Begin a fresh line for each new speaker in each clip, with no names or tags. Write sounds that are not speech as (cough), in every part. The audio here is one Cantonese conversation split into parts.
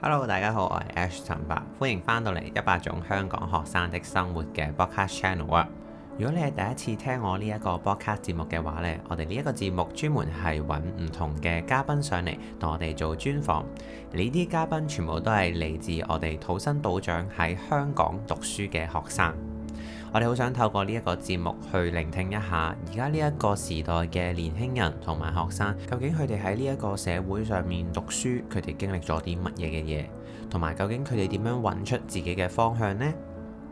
Hello，大家好，我係 Ash 塵伯，歡迎翻到嚟《一百種香港學生的生活》嘅 Podcast Channel 啊！如果你係第一次聽我呢一個 Podcast 節目嘅話呢，我哋呢一個節目專門係揾唔同嘅嘉賓上嚟同我哋做專訪，呢啲嘉賓全部都係嚟自我哋土生土長喺香港讀書嘅學生。我哋好想透過呢一個節目去聆聽一下，而家呢一個時代嘅年輕人同埋學生，究竟佢哋喺呢一個社會上面讀書，佢哋經歷咗啲乜嘢嘅嘢，同埋究竟佢哋點樣揾出自己嘅方向呢？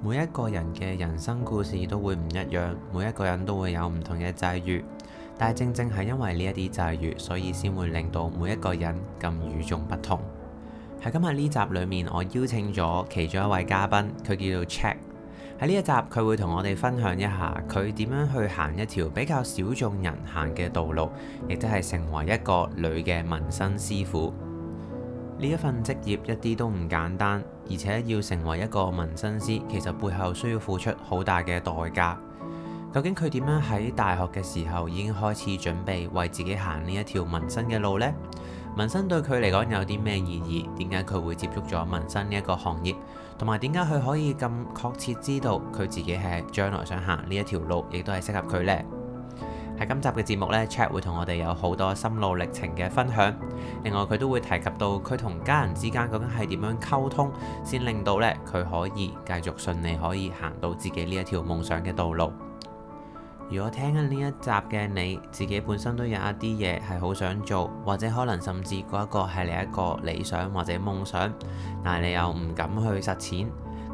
每一個人嘅人生故事都會唔一樣，每一個人都會有唔同嘅際遇。但係正正係因為呢一啲際遇，所以先會令到每一個人咁與眾不同。喺今日呢集裡面，我邀請咗其中一位嘉賓，佢叫做 Chat。喺呢一集，佢會同我哋分享一下佢點樣去行一條比較小眾人行嘅道路，亦即係成為一個女嘅紋身師傅。呢一份職業一啲都唔簡單，而且要成為一個紋身師，其實背後需要付出好大嘅代價。究竟佢點樣喺大學嘅時候已經開始準備為自己行呢一條紋身嘅路呢？紋身對佢嚟講有啲咩意義？點解佢會接觸咗紋身呢一個行業？同埋點解佢可以咁確切知道佢自己係將來想行呢一條路，亦都係適合佢呢？喺今集嘅節目呢，Chat 會同我哋有好多心路歷程嘅分享。另外佢都會提及到佢同家人之間究竟係點樣溝通，先令到呢佢可以繼續順利可以行到自己呢一條夢想嘅道路。如果聽緊呢一集嘅你自己本身都有一啲嘢係好想做，或者可能甚至嗰一個係你一個理想或者夢想，但係你又唔敢去實踐，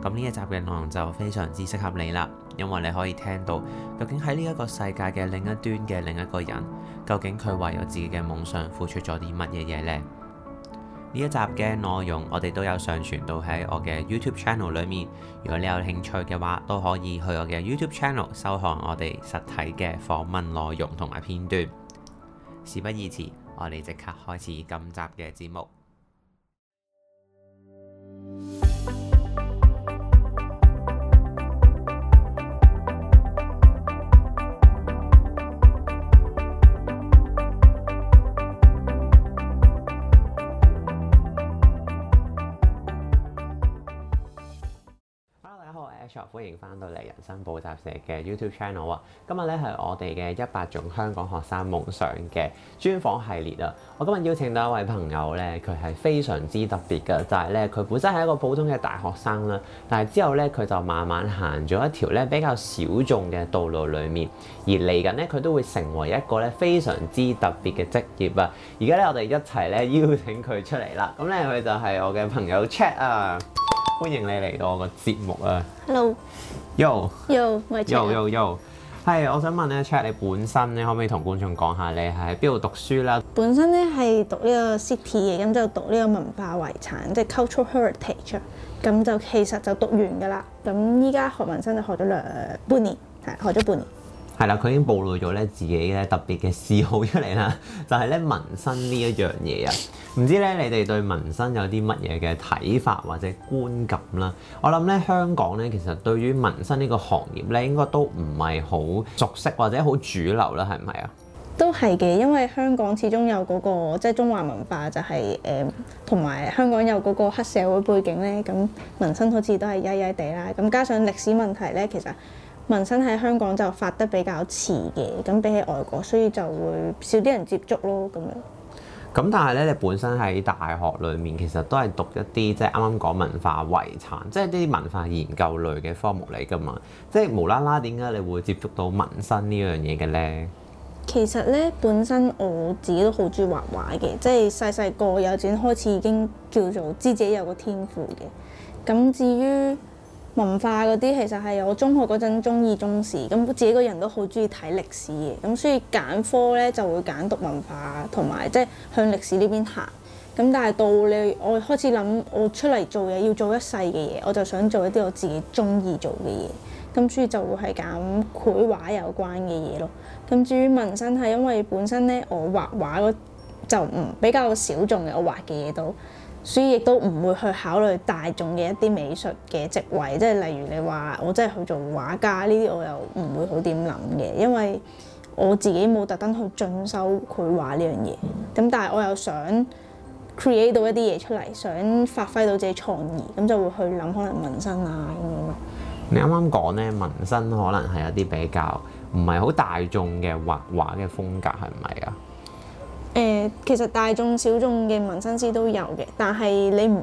咁呢一集嘅內容就非常之適合你啦，因為你可以聽到究竟喺呢一個世界嘅另一端嘅另一個人，究竟佢為咗自己嘅夢想付出咗啲乜嘢嘢呢？呢一集嘅內容，我哋都有上傳到喺我嘅 YouTube channel 裏面。如果你有興趣嘅話，都可以去我嘅 YouTube channel 收看我哋實體嘅訪問內容同埋片段。事不宜遲，我哋即刻開始今集嘅節目。翻到嚟人生補習社嘅 YouTube Channel 啊。今日咧係我哋嘅一百種香港學生夢想嘅專訪系列啊！我今日邀請到一位朋友咧，佢係非常之特別嘅，就係咧佢本身係一個普通嘅大學生啦，但係之後咧佢就慢慢行咗一條咧比較小眾嘅道路裡面，而嚟緊咧佢都會成為一個咧非常之特別嘅職業啊！而家咧我哋一齊咧邀請佢出嚟啦，咁咧佢就係我嘅朋友 Chat 啊！歡迎你嚟到我個節目啊！Hello，Yo，Yo，Yo，Yo，Yo，係，我想問咧，Chat 你本身咧，你可唔可以同觀眾講下你係喺邊度讀書啦？
本身咧係讀呢個 city 嘅，咁就讀呢個文化遺產，即係 cultural heritage。咁就其實就讀完㗎啦。咁依家學紋身就學咗兩半年，係學咗半年。
係啦，佢已經暴露咗咧自己咧特別嘅嗜好出嚟啦，就係咧紋身呢一樣嘢啊！唔知咧你哋對紋身有啲乜嘢嘅睇法或者觀感啦？我諗咧香港咧其實對於紋身呢個行業咧應該都唔係好熟悉或者好主流啦，係唔係啊？
都係嘅，因為香港始終有嗰個即係中華文化就係誒，同埋香港有嗰個黑社會背景咧，咁紋身好似都係曳曳地啦。咁加上歷史問題咧，其實～紋身喺香港就發得比較遲嘅，咁比起外國，所以就會少啲人接觸咯，咁樣。
咁但係咧，你本身喺大學裏面，其實都係讀一啲即係啱啱講文化遺產，即係啲文化研究類嘅科目嚟噶嘛？即係無啦啦，點解你會接觸到紋身呢樣嘢嘅咧？其
實咧，本身我自己都好中意畫畫嘅，即係細細個幼稚園開始已經叫做知自己有個天賦嘅。咁至於文化嗰啲其實係我中學嗰陣中意中史，咁自己個人都好中意睇歷史嘅，咁所以揀科咧就會揀讀文化同埋即係向歷史呢邊行。咁但係到你我開始諗，我出嚟做嘢要做一世嘅嘢，我就想做一啲我自己中意做嘅嘢。咁所以就會係揀繪畫有關嘅嘢咯。咁至於紋身係因為本身咧我畫畫嗰就唔比較小眾嘅，我畫嘅嘢都。所以亦都唔會去考慮大眾嘅一啲美術嘅職位，即係例如你話我真係去做畫家呢啲，我又唔會好點諗嘅，因為我自己冇特登去進修繪畫呢樣嘢。咁但係我又想 create 到一啲嘢出嚟，想發揮到自己創意，咁就會去諗可能紋身啊咁樣。
你啱啱講咧，紋身可能係一啲比較唔係好大眾嘅畫畫嘅風格，係唔係啊？
誒、呃，其實大眾、小眾嘅紋身師都有嘅，但係你唔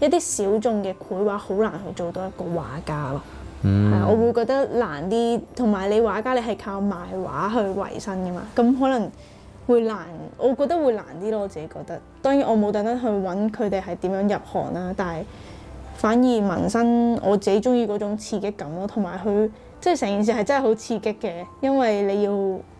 一啲小眾嘅繪畫好難去做到一個畫家咯，係、嗯、啊，我會覺得難啲，同埋你畫家你係靠賣畫去維生噶嘛，咁可能會難，我覺得會難啲咯，我自己覺得。當然我冇特登去揾佢哋係點樣入行啦，但係反而紋身我自己中意嗰種刺激感咯，同埋佢。即係成件事係真係好刺激嘅，因為你要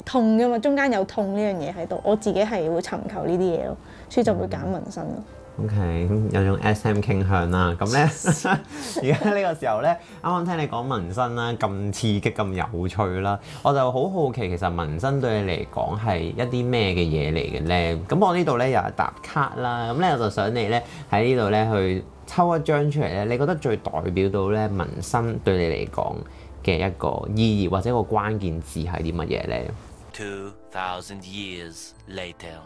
痛㗎嘛，中間有痛呢樣嘢喺度。我自己係會尋求呢啲嘢咯，所以就會揀紋身咯、
嗯。OK，咁有種 SM 傾向啦。咁咧，而家呢個時候咧，啱啱聽你講紋身啦，咁刺激，咁有趣啦，我就好好奇其實紋身對你嚟講係一啲咩嘅嘢嚟嘅咧？咁我呢度咧又係搭卡啦，咁咧我就想你咧喺呢度咧去抽一張出嚟咧，你覺得最代表到咧紋身對你嚟講？嘅一個意義或者個關鍵字係啲乜嘢呢？Two thousand years later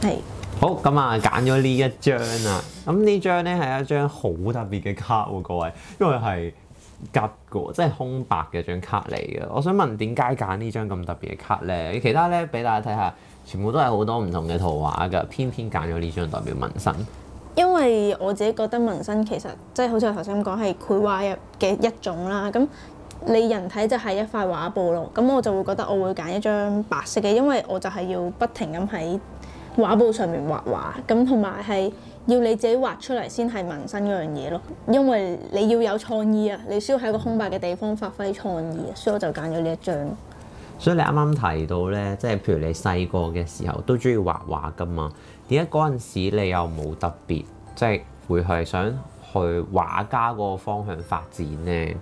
係好咁啊，揀咗呢一張啊！咁呢張呢係一張好特別嘅卡喎，各位，因為係吉個，即係空白嘅張卡嚟嘅。我想問點解揀呢張咁特別嘅卡呢？其他呢，俾大家睇下，全部都係好多唔同嘅圖畫㗎，偏偏揀咗呢張代表紋身。
因為我自己覺得紋身其實即係、就是、好似我頭先講係繪畫嘅一種啦，咁你人體就係一塊畫布咯，咁我就會覺得我會揀一張白色嘅，因為我就係要不停咁喺畫布上面畫畫，咁同埋係要你自己畫出嚟先係紋身嗰樣嘢咯，因為你要有創意啊，你需要喺個空白嘅地方發揮創意，所以我就揀咗呢一張。
所以你啱啱提到咧，即係譬如你細個嘅時候都中意畫畫噶嘛？點解嗰陣時你又冇特別即係會係想去畫家嗰個方向發展咧？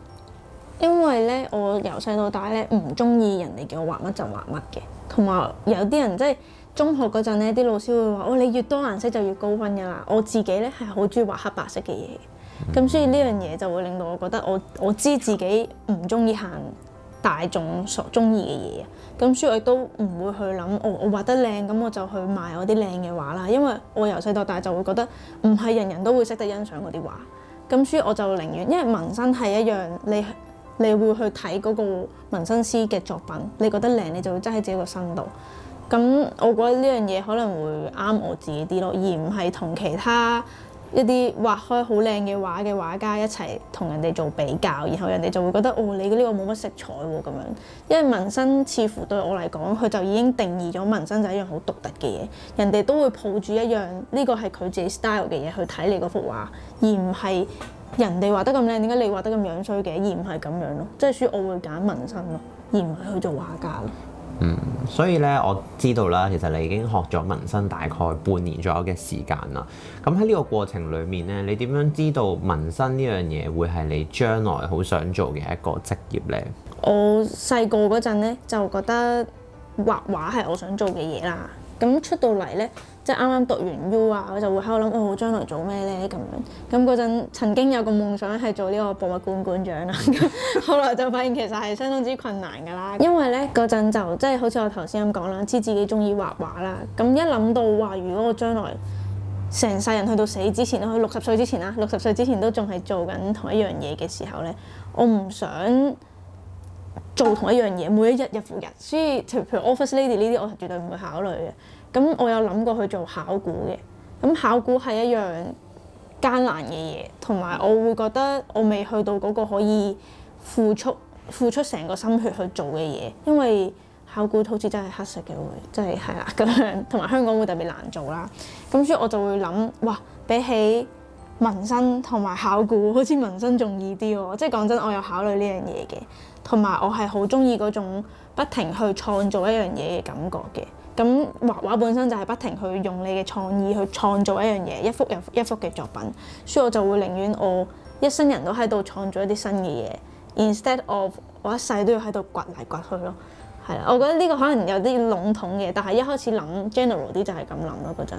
因為咧，我由細到大咧唔中意人哋叫我畫乜就畫乜嘅，同埋有啲人即係、就是、中學嗰陣咧，啲老師會話：哦、oh，你越多顏色就越高分噶啦！我自己咧係好中意畫黑白色嘅嘢，咁、嗯、所以呢樣嘢就會令到我覺得我我知自己唔中意行。大眾所中意嘅嘢，咁所以都唔會去諗我、哦、我畫得靚，咁我就去賣我啲靚嘅畫啦。因為我由細到大就會覺得唔係人人都會識得欣賞嗰啲畫，咁所以我就寧願，因為紋身係一樣你你會去睇嗰個紋身師嘅作品，你覺得靚你就會擠喺自己個身度。咁我覺得呢樣嘢可能會啱我自己啲咯，而唔係同其他。一啲畫開好靚嘅畫嘅畫家一齊同人哋做比較，然後人哋就會覺得哦，你呢個冇乜色彩喎、啊、咁樣。因為紋身似乎對我嚟講，佢就已經定義咗紋身就係一樣好獨特嘅嘢。人哋都會抱住一樣呢個係佢自己 style 嘅嘢去睇你嗰幅畫，而唔係人哋畫得咁靚，點解你畫得咁樣衰嘅？而唔係咁樣咯，即係所以我會揀紋身咯，而唔係去做畫家。
嗯，所以咧我知道啦，其實你已經學咗紋身大概半年左右嘅時間啦。咁喺呢個過程裏面咧，你點樣知道紋身呢樣嘢會係你將來好想做嘅一個職業咧？
我細個嗰陣咧就覺得畫畫係我想做嘅嘢啦。咁出到嚟呢，即係啱啱讀完 U 啊，我就會喺度諗，「我、哦、將來做咩呢？」咁樣？咁嗰陣曾經有個夢想係做呢個博物館館長啦，咁後來就發現其實係相當之困難㗎啦。因為呢嗰陣就即係好似我頭先咁講啦，知自己中意畫畫啦，咁一諗到話如果我將來成世人去到死之前啦，六十歲之前啦，六十歲之前都仲係做緊同一樣嘢嘅時候呢，我唔想。做同一樣嘢，每一日日復日，所以譬如，譬如 office lady 呢啲，我係絕對唔會考慮嘅。咁我有諗過去做考古嘅，咁考古係一樣艱難嘅嘢，同埋我會覺得我未去到嗰個可以付出付出成個心血去做嘅嘢，因為考古好似真係黑色嘅，會真係係啦咁樣，同埋香港會特別難做啦。咁所以我就會諗，哇，比起～紋身同埋考古，好似紋身仲易啲喎，即係講真，我有考慮呢樣嘢嘅，同埋我係好中意嗰種不停去創造一樣嘢嘅感覺嘅。咁畫畫本身就係不停去用你嘅創意去創造一樣嘢，一幅又一幅嘅作品，所以我就會寧願我一生人都喺度創造一啲新嘅嘢，instead of 我一世都要喺度掘嚟掘去咯。係啦，我覺得呢個可能有啲籠統嘅，但係一開始諗 general 啲就係咁諗咯嗰陣。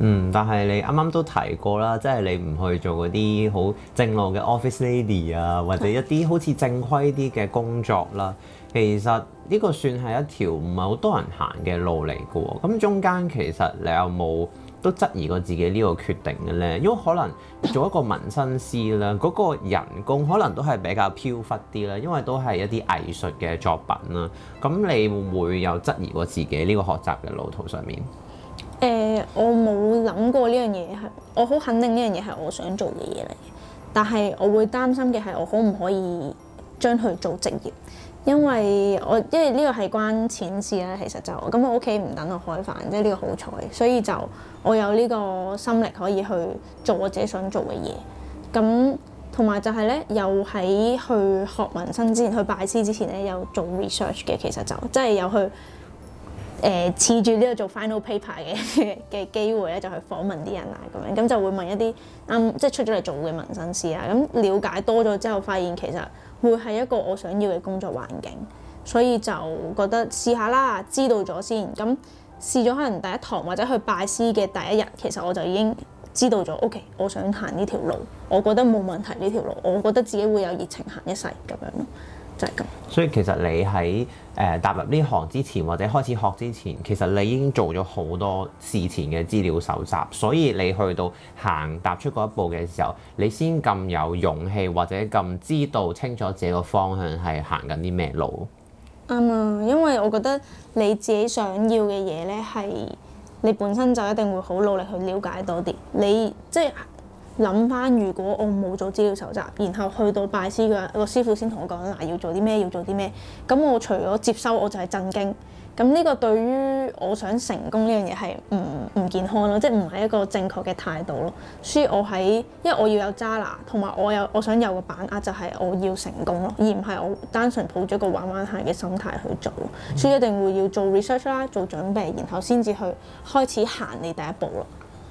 嗯，但係你啱啱都提過啦，即係你唔去做嗰啲好正路嘅 office lady 啊，或者一啲好似正規啲嘅工作啦、啊。其實呢個算係一條唔係好多人行嘅路嚟嘅喎。咁中間其實你有冇都質疑過自己呢個決定嘅呢？因為可能做一個紋身師啦，嗰、那個人工可能都係比較飄忽啲啦，因為都係一啲藝術嘅作品啦、啊。咁你會唔會有質疑過自己呢個學習嘅路途上面？
我冇諗過呢樣嘢係，我好肯定呢樣嘢係我想做嘅嘢嚟嘅。但係我會擔心嘅係我可唔可以將佢做職業，因為我因為呢個係關錢事啦。其實就咁，我屋企唔等我開飯，即係呢個好彩。所以就我有呢個心力可以去做我自己想做嘅嘢。咁同埋就係咧，又喺去學紋身之前，去拜師之前咧，有做 research 嘅。其實就即係有去。誒，恃住呢個做 final paper 嘅嘅 (laughs) 機會咧，就去訪問啲人啊，咁樣咁就，就會問一啲啱，即係出咗嚟做嘅紋身師啊，咁了解多咗之後，發現其實會係一個我想要嘅工作環境，所以就覺得試下啦，知道咗先，咁試咗可能第一堂或者去拜師嘅第一日，其實我就已經知道咗，OK，我想行呢條路，我覺得冇問題呢條路，我覺得自己會有熱情行一世咁樣咯。
就係咁。所以其實你喺誒、呃、踏入呢行之前，或者開始學之前，其實你已經做咗好多事前嘅資料搜集，所以你去到行踏出嗰一步嘅時候，你先咁有勇氣，或者咁知道清楚自己個方向係行緊啲咩路？
啱啊，因為我覺得你自己想要嘅嘢咧，係你本身就一定會好努力去了解多啲。你即係。諗翻，如果我冇做資料搜集，然後去到拜師嘅、嗰個師傅先同我講嗱，要做啲咩，要做啲咩，咁我除咗接收，我就係震驚。咁呢個對於我想成功呢樣嘢係唔唔健康咯，即係唔係一個正確嘅態度咯。所以我喺，因為我要有揸拿，同埋我有我想有個把握，就係我要成功咯，而唔係我單純抱咗個玩玩下嘅心態去做，所以一定會要做 research 啦，做準備，然後先至去開始行你第一步咯。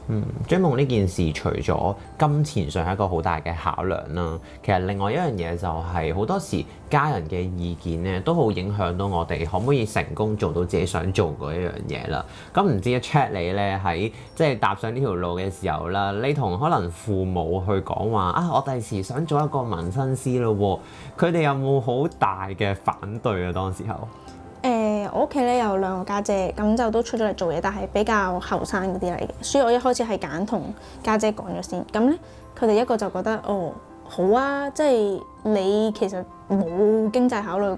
嗯、追夢呢件事除咗金錢上係一個好大嘅考量啦，其實另外一樣嘢就係、是、好多時家人嘅意見咧，都好影響到我哋可唔可以成功做到自己想做嗰一樣嘢啦。咁、嗯、唔知 Chat 你咧喺，即係踏上呢條路嘅時候啦，你同可能父母去講話啊，我第時想做一個紋身師咯喎，佢哋有冇好大嘅反對啊？當時候？
我屋企咧有兩個家姐，咁就都出咗嚟做嘢，但係比較後生嗰啲嚟嘅，所以我一開始係揀同家姐講咗先。咁咧，佢哋一個就覺得，哦，好啊，即係你其實冇經濟考慮嘅喎。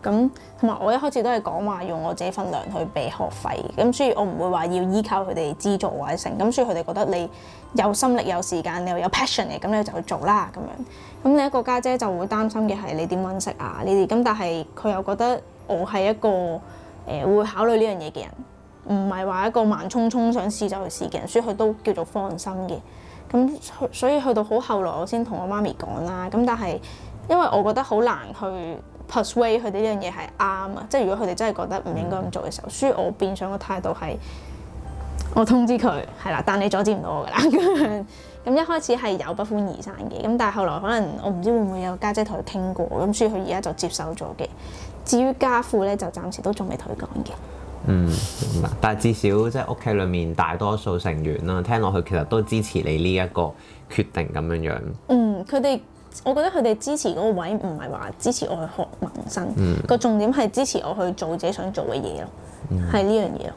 咁同埋我一開始都係講話用我自己份糧去俾學費，咁所以我唔會話要依靠佢哋資助或者成。咁所以佢哋覺得你有心力、有時間，你又有，有 passion 嘅，咁你就去做啦咁樣。咁另一個家姐就會擔心嘅係你點揾食啊呢啲。咁但係佢又覺得。我係一個誒、呃、會考慮呢樣嘢嘅人，唔係話一個慢衝衝想試走去試嘅人，所以佢都叫做放心嘅。咁所以去到好後來，我先同我媽咪講啦。咁但係因為我覺得好難去 persuade 佢哋呢樣嘢係啱啊，即係如果佢哋真係覺得唔應該咁做嘅時候，所以我變相嘅態度係我通知佢係啦，但你阻止唔到我㗎啦。咁 (laughs) 咁一開始係有不歡而散嘅。咁但係後來可能我唔知會唔會有家姐同佢傾過，咁所以佢而家就接受咗嘅。至於家父咧，就暫時都仲未退港嘅。嗯，
但係至少即係屋企裏面大多數成員啦，聽落去其實都支持你呢一個決定咁樣樣。嗯，
佢哋，我覺得佢哋支持嗰個位，唔係話支持我去學紋身，個、嗯、重點係支持我去做自己想做嘅嘢咯，
係呢樣嘢咯。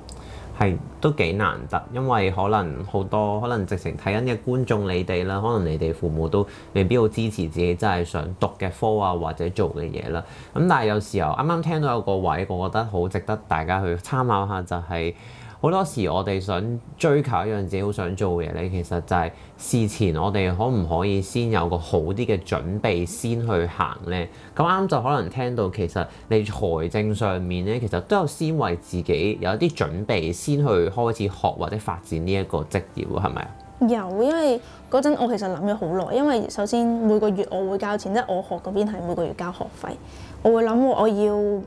係都幾難得，因為可能好多可能直情睇緊嘅觀眾你哋啦，可能你哋父母都未必好支持自己真係想讀嘅科啊，或者做嘅嘢啦。咁但係有時候啱啱聽到有個位，我覺得好值得大家去參考下，就係、是。好多時我哋想追求一樣自己好想做嘅嘢咧，其實就係事前我哋可唔可以先有個好啲嘅準備先去行呢？咁啱就可能聽到其實你財政上面咧，其實都有先為自己有一啲準備先去開始學或者發展呢一個職業，係咪？
有，因為嗰陣我其實諗咗好耐，因為首先每個月我會交錢，即係我學嗰邊係每個月交學費，我會諗我要。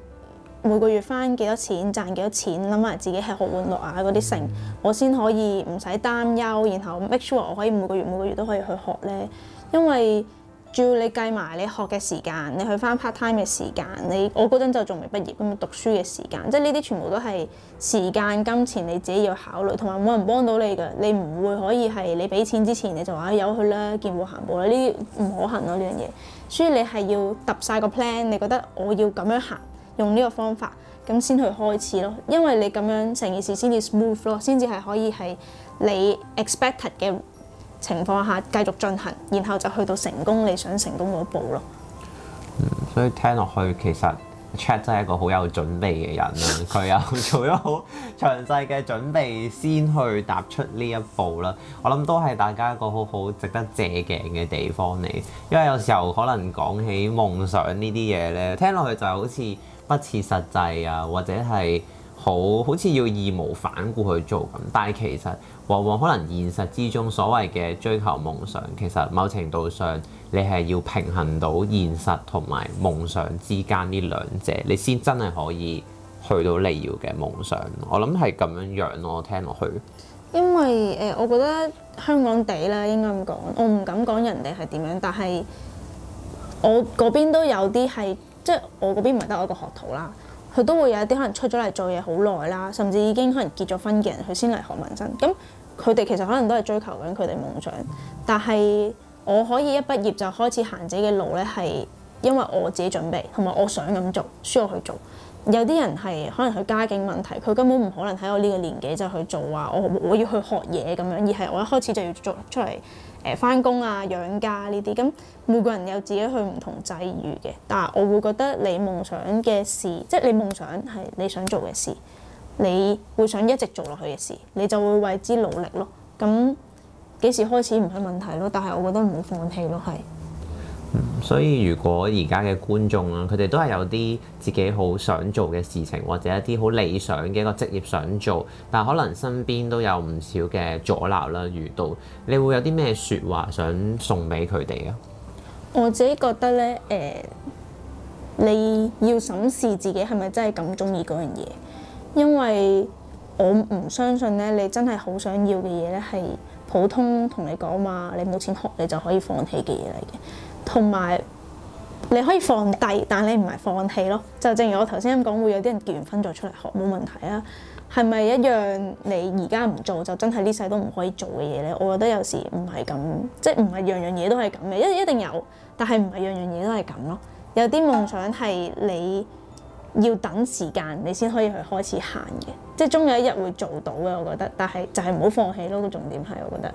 每個月翻幾多錢，賺幾多錢，諗埋自己食喝玩樂啊嗰啲剩，我先可以唔使擔憂，然後 make sure 我可以每個月每個月都可以去學呢，因為照你計埋你學嘅時間，你去翻 part time 嘅時間，你我嗰陣就仲未畢業咁啊，讀書嘅時間，即係呢啲全部都係時間金錢你自己要考慮，同埋冇人幫到你嘅，你唔會可以係你俾錢之前你就話、啊、有去啦，見步行步啦，呢啲唔可行咯、啊、呢樣嘢，所以你係要揼晒個 plan，你覺得我要咁樣行。用呢個方法咁先去開始咯，因為你咁樣成件事先至 smooth 咯，先至係可以係你 expected 嘅情況下繼續進行，然後就去到成功你想成功嗰步咯。嗯，
所以聽落去其實 Chat 真係一個好有準備嘅人啦，佢又 (laughs) 做咗好詳細嘅準備先去踏出呢一步啦。我諗都係大家一個好好值得借鏡嘅地方嚟，因為有時候可能講起夢想呢啲嘢咧，聽落去就好似～不切實際啊，或者係好好似要義無反顧去做咁，但係其實往往可能現實之中所謂嘅追求夢想，其實某程度上你係要平衡到現實同埋夢想之間呢兩者，你先真係可以去到你要嘅夢想。我諗係咁樣樣咯，我聽落去。
因為誒、呃，我覺得香港地啦，應該咁講，我唔敢講人哋係點樣，但係我嗰邊都有啲係。即係我嗰邊唔係得我一個學徒啦，佢都會有一啲可能出咗嚟做嘢好耐啦，甚至已經可能結咗婚嘅人，佢先嚟學紋身。咁佢哋其實可能都係追求緊佢哋夢想，但係我可以一畢業就開始行自己嘅路呢，係因為我自己準備同埋我想咁做，需要去做。有啲人係可能佢家境問題，佢根本唔可能喺我呢個年紀就去做啊，我我要去學嘢咁樣，而係我一開始就要做出嚟。誒翻工啊，養家呢啲，咁每個人有自己去唔同際遇嘅。但係我會覺得你夢想嘅事，即係你夢想係你想做嘅事，你會想一直做落去嘅事，你就會為之努力咯。咁幾時開始唔係問題咯，但係我覺得唔好放棄咯，係。
嗯、所以如果而家嘅觀眾啊，佢哋都係有啲自己好想做嘅事情，或者一啲好理想嘅一個職業想做，但可能身邊都有唔少嘅阻撓啦。遇到你會有啲咩説話想送俾佢哋
啊？我自己覺得咧，誒、呃，你要審視自己係咪真係咁中意嗰樣嘢，因為我唔相信咧，你真係好想要嘅嘢咧，係普通同你講嘛，你冇錢學你就可以放棄嘅嘢嚟嘅。同埋你可以放低，但你唔係放棄咯。就正如我頭先咁講，會有啲人結完婚再出嚟學冇問題啊。係咪一樣？你而家唔做就真係呢世都唔可以做嘅嘢咧？我覺得有時唔係咁，即係唔係樣樣嘢都係咁嘅，一一定有，但係唔係樣樣嘢都係咁咯。有啲夢想係你要等時間，你先可以去開始行嘅，即係終有一日會做到嘅。我覺得，但係就係唔好放棄咯。個重點係，我覺得。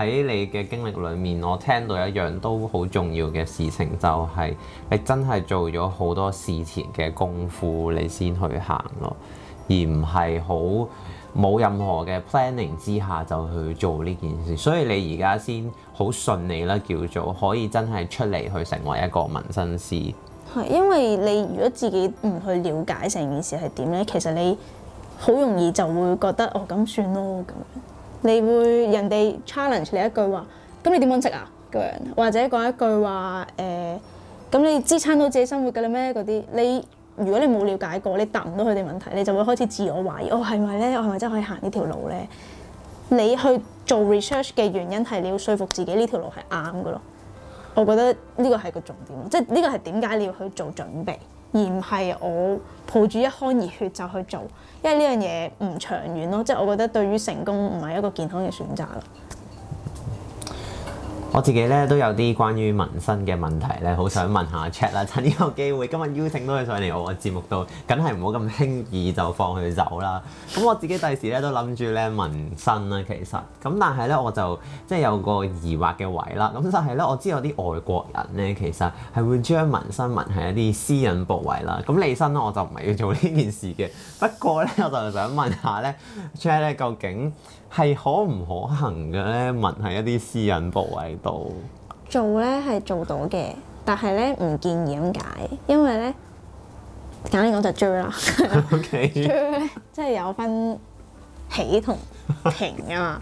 喺你嘅經歷裏面，我聽到一樣都好重要嘅事情，就係、是、你真係做咗好多事前嘅功夫，你先去行咯，而唔係好冇任何嘅 planning 之下就去做呢件事。所以你而家先好順利啦，叫做可以真係出嚟去成為一個紋身師。
係因為你如果自己唔去了解成件事係點呢？其實你好容易就會覺得哦，咁算咯。你會人哋 challenge 你一句話，咁你點樣食啊？嗰樣或者講一句話，誒、呃、咁你支撐到自己生活㗎啦咩？嗰啲你如果你冇了解過，你答唔到佢哋問題，你就會開始自我懷疑。我係咪咧？我係咪真係可以行呢條路咧？你去做 research 嘅原因係你要說服自己呢條路係啱嘅咯。我覺得呢個係個重點，即係呢個係點解你要去做準備。而唔係我抱住一腔熱血就去做，因為呢樣嘢唔長遠咯，即係我覺得對於成功唔係一個健康嘅選擇啦。
我自己咧都有啲關於紋身嘅問題咧，好想問下 Chat 啦，趁呢個機會，今日邀請到佢上嚟我嘅節目度，梗係唔好咁輕易就放佢走啦。咁我自己第時咧都諗住咧紋身啦，其實，咁但係咧我就即係有個疑惑嘅位啦。咁就係咧，我知有啲外國人咧其實係會將紋身紋喺一啲私隱部位啦。咁理身咧我就唔係要做呢件事嘅。不過咧我就想問下咧 Chat 咧究竟？係可唔可行嘅咧？紋喺一啲私隱部位度
做咧係做到嘅，但係咧唔建議咁解，因為咧揀完我就追啦。 (laughs) Okay. 追咧即係有分起同停啊嘛。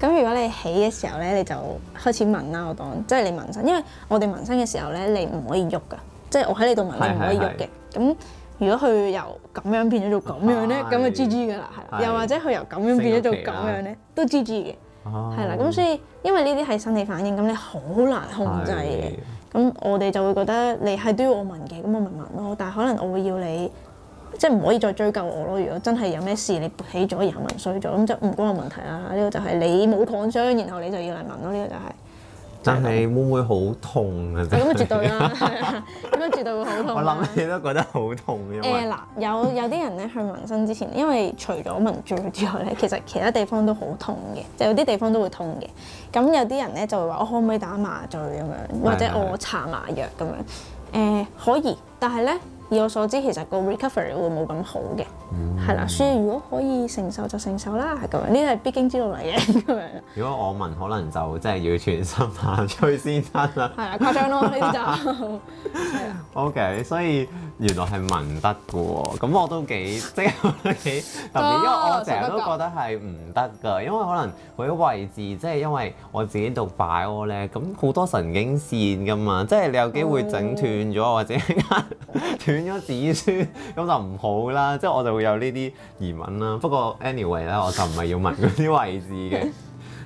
咁 (laughs) 如果你起嘅時候咧，你就開始紋啦。我當即係你紋身，因為我哋紋身嘅時候咧，你唔可以喐噶。即係我喺你度紋，你唔可以喐嘅咁。是是如果佢由咁樣變咗做咁樣咧，咁咪 GG 㗎啦，係是又或者佢由咁樣變咗做咁樣咧，啊、都 GG 嘅，係啦、啊。咁所以因為呢啲係生理反應，咁你好難控制嘅。咁是我哋就會覺得你係都要我紋嘅，咁我咪紋咯。但係可能我會要你即係唔可以再追究我咯。如果真係有咩事，你起咗又紋衰咗咁就唔關我問題啦。呢、這個就係你冇抗傷，然後你就要嚟紋咯。呢、這個就係、是。
但係會唔會好痛啊？咁啊絕對
啦，咁啊絕對會好痛，啊、 (laughs) 痛。我諗你
都覺得好痛嘅。誒
嗱，有有啲人咧去紋身之前，因為除咗紋嘴之外咧，其實其他地方都好痛嘅，就是、有啲地方都會痛嘅。咁有啲人咧就會話：我可唔可以打麻醉咁樣，或者我搽麻藥咁樣？誒是、呃、可以，但係咧以我所知，其實個 recovery 會冇咁好嘅。係啦、mm hmm.，所以如果可以承受就承受啦，係咁樣，呢個係必經之路嚟嘅咁
樣。如果我紋可能就真係要全身打先得啦。係啊，誇張咯呢啲就。O K，所以原來係紋得噶，咁我都幾即係幾特別，啊、因為我成日都覺得係唔得噶，啊、因為可能佢位置即係、就是、因為我自己讀快屙咧，咁好多神經線噶嘛，即係你有機會整斷咗或者斷咗子孫，咁就唔好啦，即係我就。會有呢啲疑問啦，不過 anyway 咧，我就唔係要問嗰啲位置嘅。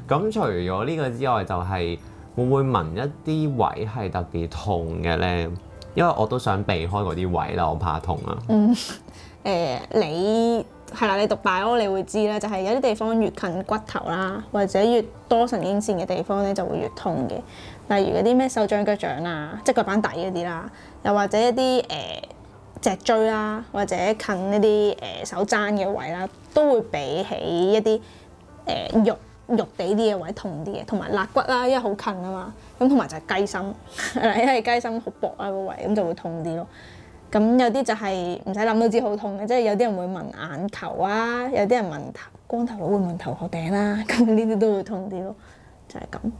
咁 (laughs) 除咗呢個之外，就係、是、會唔會問一啲位係特別痛嘅咧？因為我都想避開嗰啲位啦，我怕痛啊。嗯，
誒、呃，你係啦，你讀大屙，你會知咧，就係有啲地方越近骨頭啦，或者越多神經線嘅地方咧，就會越痛嘅。例如嗰啲咩手掌腳掌啊，即係腳板底嗰啲啦，又或者一啲誒。呃脊椎啦，或者近呢啲誒手踭嘅位啦，都會比起一啲誒、呃、肉肉地啲嘅位痛啲嘅，同埋肋骨啦，因為好近啊嘛，咁同埋就係雞心，因為雞心好薄啊個位，咁就會痛啲咯。咁有啲就係唔使諗都知好痛嘅，即係有啲人會問眼球啊，有啲人問頭，光頭佬會問頭殼頂啦，咁呢啲都會痛啲咯，就係、是、咁。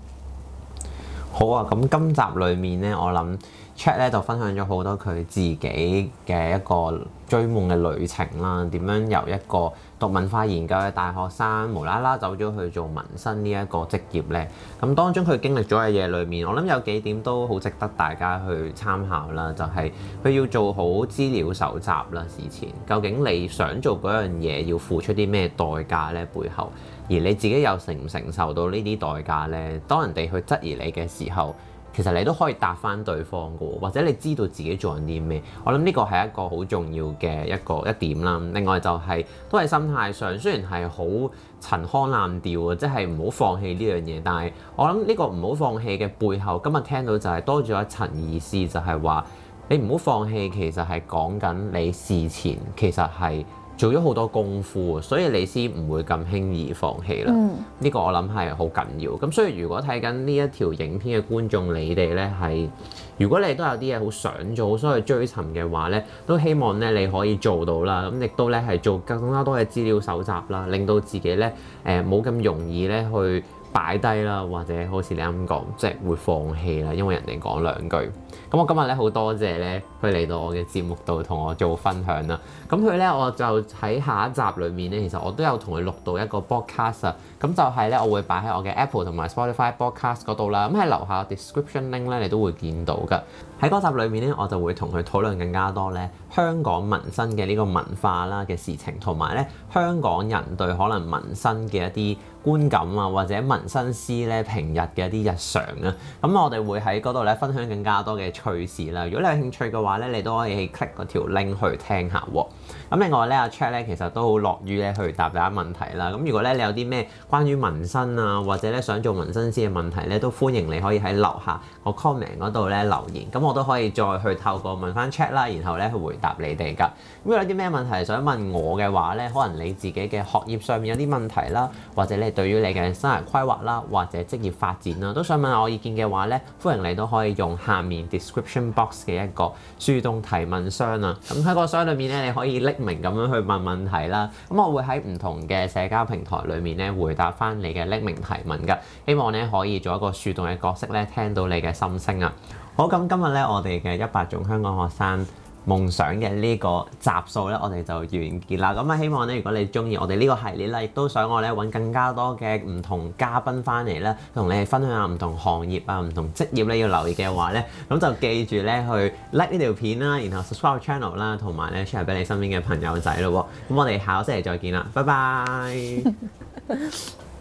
好啊，咁今集裡面咧，我諗。Chat 咧就分享咗好多佢自己嘅一個追夢嘅旅程啦，點樣由一個讀文化研究嘅大學生無啦啦走咗去做紋身呢一個職業呢，咁當中佢經歷咗嘅嘢裏面，我諗有幾點都好值得大家去參考啦，就係佢要做好資料搜集啦，事前究竟你想做嗰樣嘢要付出啲咩代價呢？背後而你自己又承唔承受到呢啲代價咧？當人哋去質疑你嘅時候。其實你都可以答翻對方嘅，或者你知道自己做緊啲咩，我諗呢個係一個好重要嘅一個一點啦。另外就係，都係心態上，雖然係好陳腔濫調啊，即係唔好放棄呢樣嘢。但係我諗呢個唔好放棄嘅背後，今日聽到就係多咗一層意思，就係話你唔好放棄，其實係講緊你事前其實係，做咗好多功夫，所以你先唔會咁輕易放棄啦。嗯。呢個我諗係好緊要。咁所以如果睇緊呢一條影片嘅觀眾，你哋呢係，如果你都有啲嘢好想做，所以追尋嘅話呢，都希望呢你可以做到啦。咁亦都呢係做更加多嘅資料搜集啦，令到自己呢誒冇咁容易呢去擺低啦，或者好似你啱啱講，即係會放棄啦，因為人哋講兩句。咁我今日咧好多謝咧，佢嚟到我嘅節目度同我做分享啦。咁佢咧，我就喺下一集裡面咧，其實我都有同佢錄到一個 podcast 啊。咁就係咧，我會擺喺我嘅 Apple 同埋 Spotify podcast 度啦。咁喺樓下 description link 咧，你都會見到嘅。喺嗰集裡面咧，我就會同佢討論更加多咧香港紋身嘅呢個文化啦嘅事情，同埋咧香港人對可能紋身嘅一啲觀感啊，或者紋身師咧平日嘅一啲日常啊。咁我哋會喺嗰度咧分享更加多嘅趨勢啦，如果你有興趣嘅話咧，你都可以 click 嗰條 link 去聽下喎。咁另外咧，阿 Chat 咧其實都好樂於咧去答大家問題啦。咁如果咧你有啲咩關於紋身啊，或者咧想做紋身師嘅問題咧，都歡迎你可以喺樓下個 comment 嗰度咧留言。咁我都可以再去透過問翻 Chat 啦，然後咧去回答你哋㗎。咁如果你有啲咩問題想問我嘅話咧，可能你自己嘅學業上面有啲問題啦，或者你對於你嘅生涯規劃啦，或者職業發展啦，都想問我意見嘅話咧，歡迎你都可以用下面。description box 嘅一個樹洞提問箱啊，咁喺個箱裏面咧，你可以匿名咁樣去問問題啦。咁我會喺唔同嘅社交平台裏面咧，回答返你嘅匿名提問噶。希望咧可以做一個樹洞嘅角色咧，聽到你嘅心聲啊。好，咁今日咧，我哋嘅一百種香港學生夢想嘅呢個集數呢，我哋就完結啦。咁啊，希望呢，如果你中意我哋呢個系列呢，亦都想我咧揾更加多嘅唔同嘉賓翻嚟呢，同你哋分享下唔同行業啊、唔同職業呢要留意嘅話呢。咁就記住呢，去 like 呢條片啦、啊，然後 subscribe channel 啦、啊，同埋呢 share 俾你身邊嘅朋友仔咯。咁我哋下個星期再見啦，拜拜。 (laughs)